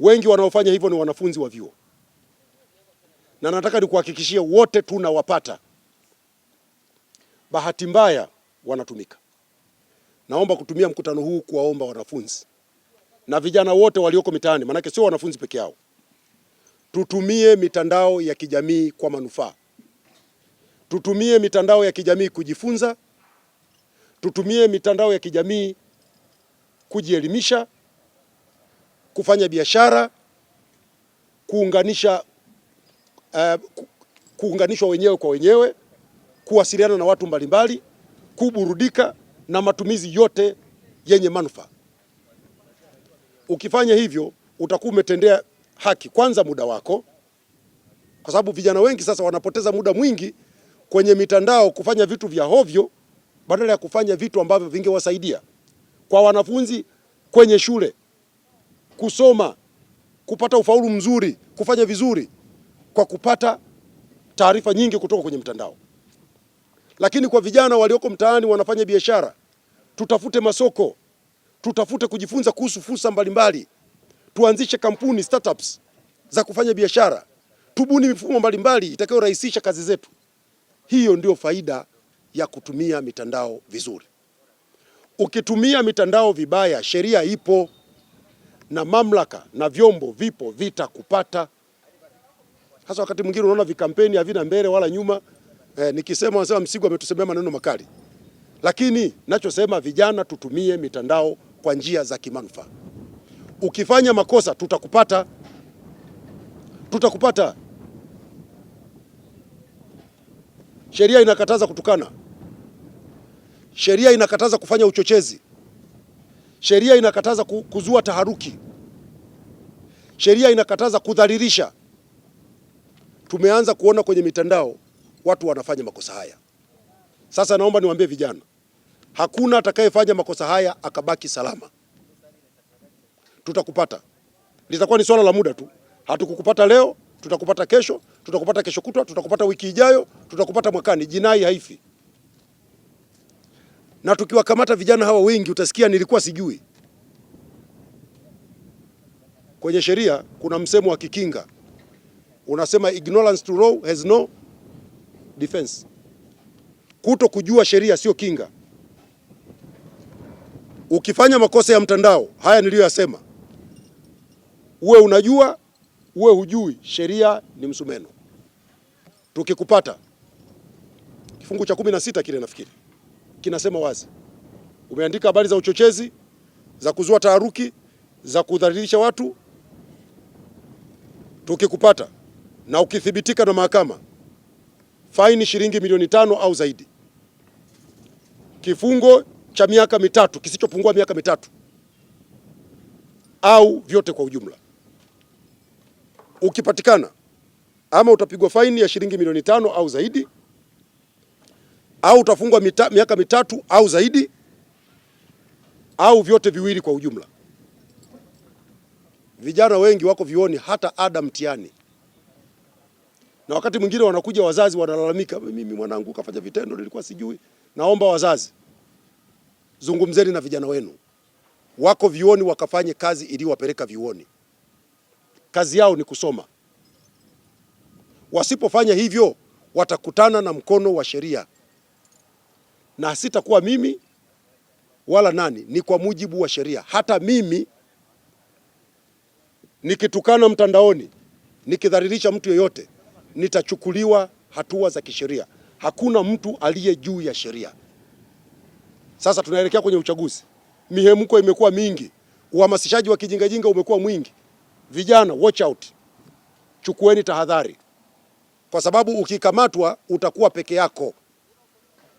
Wengi wanaofanya hivyo ni wanafunzi wa vyuo, na nataka nikuhakikishie wote tunawapata. Bahati mbaya wanatumika. Naomba kutumia mkutano huu kuwaomba wanafunzi na vijana wote walioko mitaani, maanake sio wanafunzi peke yao, tutumie mitandao ya kijamii kwa manufaa. Tutumie mitandao ya kijamii kujifunza, tutumie mitandao ya kijamii kujielimisha kufanya biashara, kuunganisha uh, kuunganishwa wenyewe kwa wenyewe, kuwasiliana na watu mbalimbali, kuburudika na matumizi yote yenye manufaa. Ukifanya hivyo utakuwa umetendea haki kwanza muda wako, kwa sababu vijana wengi sasa wanapoteza muda mwingi kwenye mitandao kufanya vitu vya hovyo badala ya kufanya vitu ambavyo vingewasaidia. Kwa wanafunzi kwenye shule kusoma, kupata ufaulu mzuri, kufanya vizuri kwa kupata taarifa nyingi kutoka kwenye mtandao. Lakini kwa vijana walioko mtaani wanafanya biashara, tutafute masoko, tutafute kujifunza kuhusu fursa mbalimbali, tuanzishe kampuni startups za kufanya biashara, tubuni mifumo mbalimbali itakayorahisisha kazi zetu. Hiyo ndio faida ya kutumia mitandao vizuri. Ukitumia mitandao vibaya, sheria ipo na mamlaka na vyombo vipo vitakupata. Hasa wakati mwingine unaona vikampeni havina mbele wala nyuma. Eh, nikisema wanasema Msigwa ametusemea maneno makali, lakini nachosema vijana, tutumie mitandao kwa njia za kimanufaa. Ukifanya makosa tutakupata, tutakupata. Sheria inakataza kutukana, sheria inakataza kufanya uchochezi. Sheria inakataza kuzua taharuki, sheria inakataza kudhalilisha. Tumeanza kuona kwenye mitandao watu wanafanya makosa haya. Sasa naomba niwaambie vijana, hakuna atakayefanya makosa haya akabaki salama. Tutakupata, litakuwa ni swala la muda tu. Hatukukupata leo, tutakupata kesho, tutakupata kesho kutwa, tutakupata wiki ijayo, tutakupata mwakani. Jinai haifi na tukiwakamata vijana hawa wengi, utasikia nilikuwa sijui. Kwenye sheria kuna msemo wa Kikinga unasema ignorance to law has no defense. Kuto kujua sheria sio kinga. Ukifanya makosa ya mtandao haya niliyoyasema, uwe unajua uwe hujui, sheria ni msumeno. Tukikupata kifungu cha kumi na sita kile nafikiri kinasema wazi, umeandika habari za uchochezi, za kuzua taharuki, za kudhalilisha watu. Tukikupata na ukithibitika na mahakama, faini shilingi milioni tano au zaidi, kifungo cha miaka mitatu kisichopungua miaka mitatu au vyote kwa ujumla. Ukipatikana ama utapigwa faini ya shilingi milioni tano au zaidi au utafungwa mita, miaka mitatu au zaidi au vyote viwili kwa ujumla. Vijana wengi wako vioni hata ada mtihani, na wakati mwingine wanakuja wazazi wanalalamika, mimi mwanangu kafanya vitendo nilikuwa sijui. Naomba wazazi, zungumzeni na vijana wenu wako vioni, wakafanye kazi iliyowapeleka vioni. Kazi yao ni kusoma. Wasipofanya hivyo, watakutana na mkono wa sheria na sitakuwa mimi wala nani, ni kwa mujibu wa sheria. Hata mimi nikitukana mtandaoni, nikidhalilisha mtu yeyote, nitachukuliwa hatua za kisheria. Hakuna mtu aliye juu ya sheria. Sasa tunaelekea kwenye uchaguzi, mihemko imekuwa mingi, uhamasishaji wa kijingajinga umekuwa mwingi. Vijana, watch out, chukueni tahadhari, kwa sababu ukikamatwa utakuwa peke yako.